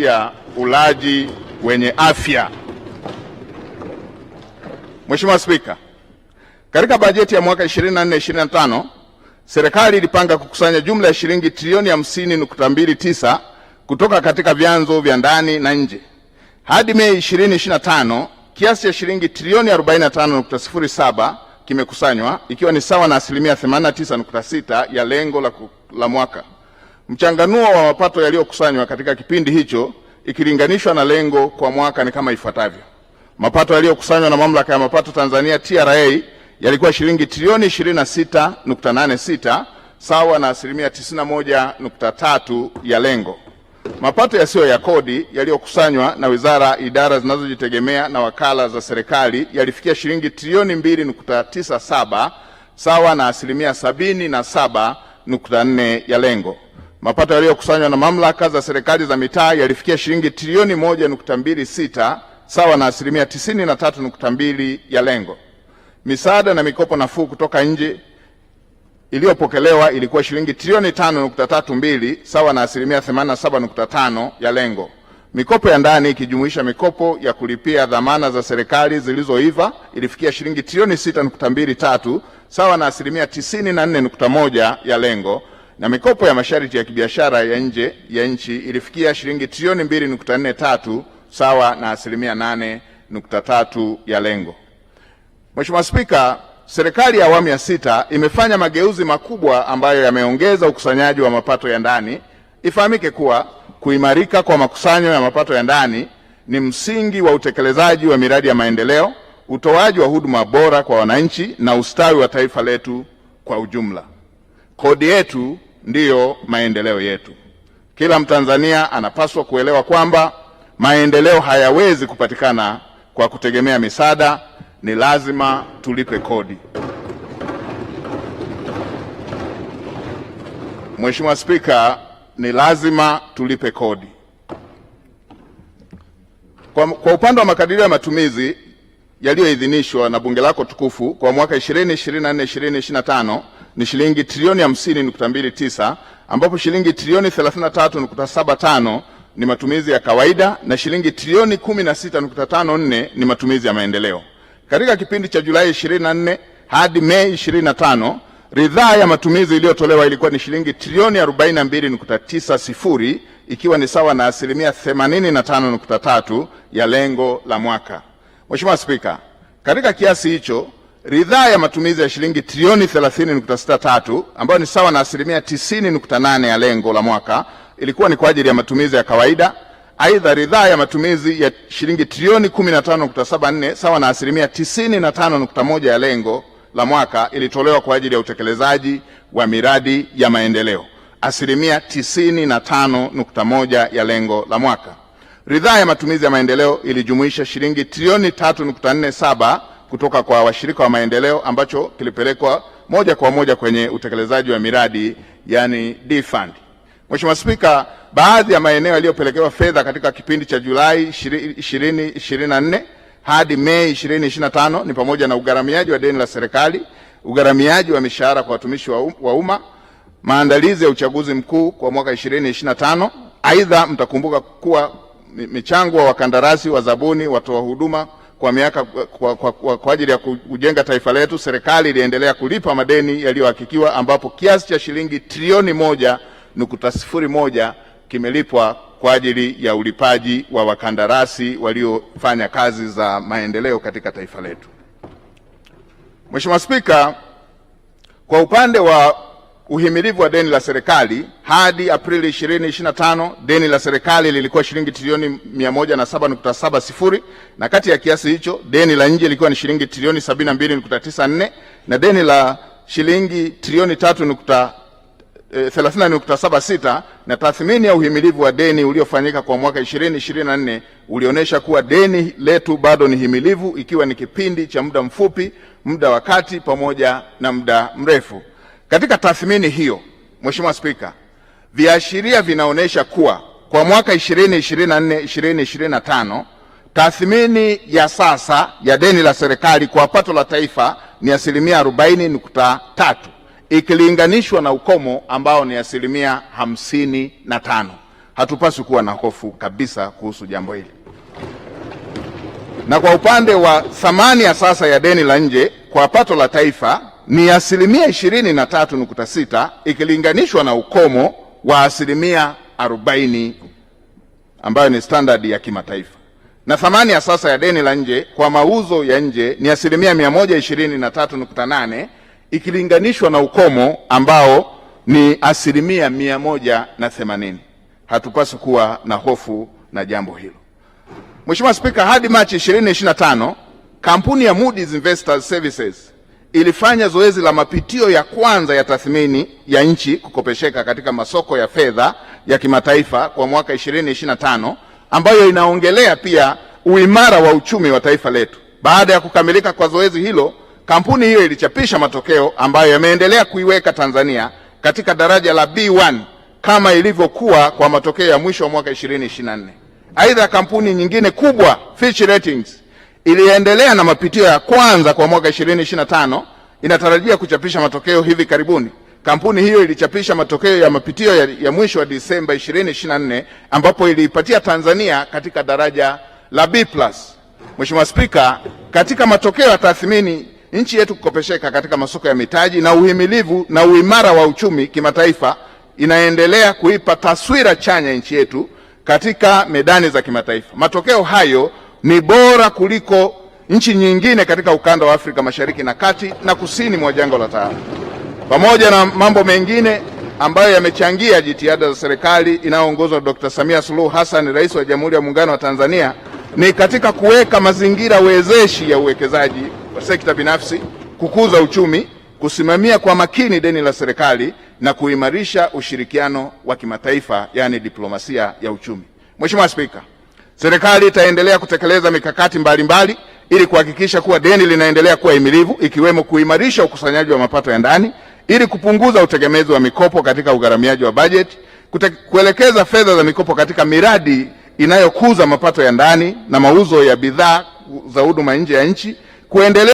ya ulaji wenye afya. Mheshimiwa Spika, katika bajeti ya mwaka 24 25 serikali ilipanga kukusanya jumla ya shilingi trilioni 50.29 kutoka katika vyanzo vya ndani na nje. Hadi Mei 2025 kiasi cha shilingi trilioni 45.07 kimekusanywa ikiwa ni sawa na asilimia 89.6 ya lengo la, la mwaka. Mchanganuo wa mapato yaliyokusanywa katika kipindi hicho ikilinganishwa na lengo kwa mwaka ni kama ifuatavyo: mapato yaliyokusanywa na Mamlaka ya Mapato Tanzania TRA yalikuwa shilingi trilioni 26.86 sawa na asilimia 91.3 ya lengo. Mapato yasiyo ya kodi yaliyokusanywa na wizara, idara zinazojitegemea na wakala za serikali yalifikia shilingi trilioni 2.97 sawa na asilimia 77.4 ya lengo. Mapato yaliyokusanywa na mamlaka za serikali za mitaa yalifikia shilingi trilioni sita sawa na asilimia 93.2 ya lengo. Misaada na mikopo nafuu kutoka nje iliyopokelewa ilikuwa shilingi trilioni mbili sawa na asilimia tano ya lengo. Mikopo ya ndani ikijumuisha mikopo ya kulipia dhamana za serikali zilizoiva ilifikia shilingi trilioni tatu sawa na asilimia 94.1 ya lengo na mikopo ya masharti ya kibiashara ya nje ya nchi ilifikia shilingi trilioni 2.43 sawa na asilimia 8.3 ya lengo. Mheshimiwa Spika, serikali ya awamu ya sita imefanya mageuzi makubwa ambayo yameongeza ukusanyaji wa mapato ya ndani. Ifahamike kuwa kuimarika kwa makusanyo ya mapato ya ndani ni msingi wa utekelezaji wa miradi ya maendeleo, utoaji wa huduma bora kwa wananchi na ustawi wa taifa letu kwa ujumla. Kodi yetu ndiyo maendeleo yetu. Kila Mtanzania anapaswa kuelewa kwamba maendeleo hayawezi kupatikana kwa kutegemea misaada, ni lazima tulipe kodi. Mheshimiwa Spika, ni lazima tulipe kodi. Kwa, kwa upande wa makadirio ya matumizi yaliyoidhinishwa na bunge lako tukufu kwa mwaka 2024 2025 ni shilingi trilioni tisa ambapo shilingi trilioni tano ni matumizi ya kawaida na shilingi trilioni nne ni matumizi ya maendeleo. Katika kipindi cha Julai 24 hadi Mei 25, ridhaa ya matumizi iliyotolewa ilikuwa ni shilingi trilioni sifuri ikiwa ni sawa na asilimia tatu ya lengo la mwaka. Mheshimiwa Spika, katika kiasi hicho ridhaa ya matumizi ya shilingi trilioni 30.63 ambayo ni sawa na asilimia 90.8 ya lengo la mwaka ilikuwa ni kwa ajili ya matumizi ya kawaida. Aidha, ridhaa ya matumizi ya shilingi trilioni 15.74 sawa na asilimia 95.1 ya lengo la mwaka ilitolewa kwa ajili ya utekelezaji wa miradi ya maendeleo, asilimia 95.1 ya lengo la mwaka. Ridhaa ya matumizi ya maendeleo ilijumuisha shilingi trilioni 3.47 kutoka kwa washirika wa maendeleo ambacho kilipelekwa moja kwa moja kwenye utekelezaji wa miradi yani D fund. Mheshimiwa Spika, baadhi ya maeneo yaliyopelekewa fedha katika kipindi cha Julai 2024 hadi Mei 2025 ni pamoja na ugharamiaji wa deni la serikali, ugharamiaji wa mishahara kwa watumishi wa umma, maandalizi ya uchaguzi mkuu kwa mwaka 2025. Aidha, mtakumbuka kuwa michango wa wakandarasi, wazabuni, watoa huduma kwa miaka kwa, kwa, kwa, kwa ajili ya kujenga taifa letu, serikali iliendelea kulipa madeni yaliyohakikiwa ambapo kiasi cha shilingi trilioni moja nukta sifuri moja kimelipwa kwa ajili ya ulipaji wa wakandarasi waliofanya kazi za maendeleo katika taifa letu. Mheshimiwa Spika, kwa upande wa uhimilivu wa deni la serikali hadi Aprili 2025 deni la serikali lilikuwa shilingi trilioni 107.70 na kati ya kiasi hicho deni la nje lilikuwa ni shilingi trilioni 72.94 na deni la shilingi trilioni 3.34.76 eh, na tathmini ya uhimilivu wa deni uliofanyika kwa mwaka 2024 ulionyesha kuwa deni letu bado ni himilivu ikiwa ni kipindi cha muda mfupi, muda wa kati pamoja na muda mrefu. Katika tathmini hiyo, Mheshimiwa Spika, viashiria vinaonyesha kuwa kwa mwaka 2024 2025 tathmini ya sasa ya deni la serikali kwa pato la taifa ni asilimia 40.3 ikilinganishwa na ukomo ambao ni asilimia 55. Hatupaswi kuwa na hofu kabisa kuhusu jambo hili. Na kwa upande wa thamani ya sasa ya deni la nje kwa pato la taifa ni asilimia ishirini na tatu nukta sita ikilinganishwa na ukomo wa asilimia arobaini ambayo ni standard ya kimataifa, na thamani ya sasa ya deni la nje kwa mauzo ya nje ni asilimia mia moja ishirini na tatu nukta nane ikilinganishwa na ukomo ambao ni asilimia mia moja na themanini. Hatupaswi kuwa na hofu na jambo hilo. Mheshimiwa Spika, hadi Machi 2025 kampuni ya Moody's Investors Services ilifanya zoezi la mapitio ya kwanza ya tathmini ya nchi kukopesheka katika masoko ya fedha ya kimataifa kwa mwaka 2025 ambayo inaongelea pia uimara wa uchumi wa taifa letu. Baada ya kukamilika kwa zoezi hilo, kampuni hiyo ilichapisha matokeo ambayo yameendelea kuiweka Tanzania katika daraja la B1 kama ilivyokuwa kwa matokeo ya mwisho wa mwaka 2024. Aidha, kampuni nyingine kubwa Fitch Ratings iliendelea na mapitio ya kwanza kwa mwaka 2025 inatarajia kuchapisha matokeo hivi karibuni. Kampuni hiyo ilichapisha matokeo ya mapitio ya, ya mwisho wa Disemba 2024 ambapo iliipatia Tanzania katika daraja la B+. Mheshimiwa Spika, katika matokeo ya tathmini nchi yetu kukopesheka katika masoko ya mitaji na uhimilivu na uimara wa uchumi kimataifa inaendelea kuipa taswira chanya nchi yetu katika medani za kimataifa. Matokeo hayo ni bora kuliko nchi nyingine katika ukanda wa Afrika Mashariki na Kati na kusini mwa jangwa la Sahara, pamoja na mambo mengine ambayo yamechangia jitihada za serikali inayoongozwa na Dr. Samia Suluhu Hassan, Rais wa Jamhuri ya Muungano wa Tanzania, ni katika kuweka mazingira wezeshi ya uwekezaji wa sekta binafsi, kukuza uchumi, kusimamia kwa makini deni la serikali na kuimarisha ushirikiano wa kimataifa, yaani diplomasia ya uchumi. Mheshimiwa Spika, Serikali itaendelea kutekeleza mikakati mbalimbali mbali, ili kuhakikisha kuwa deni linaendelea kuwa himilivu ikiwemo kuimarisha ukusanyaji wa mapato ya ndani ili kupunguza utegemezi wa mikopo katika ugharamiaji wa bajeti, kuelekeza fedha za mikopo katika miradi inayokuza mapato ya ndani na mauzo ya bidhaa za huduma nje ya nchi kuendelea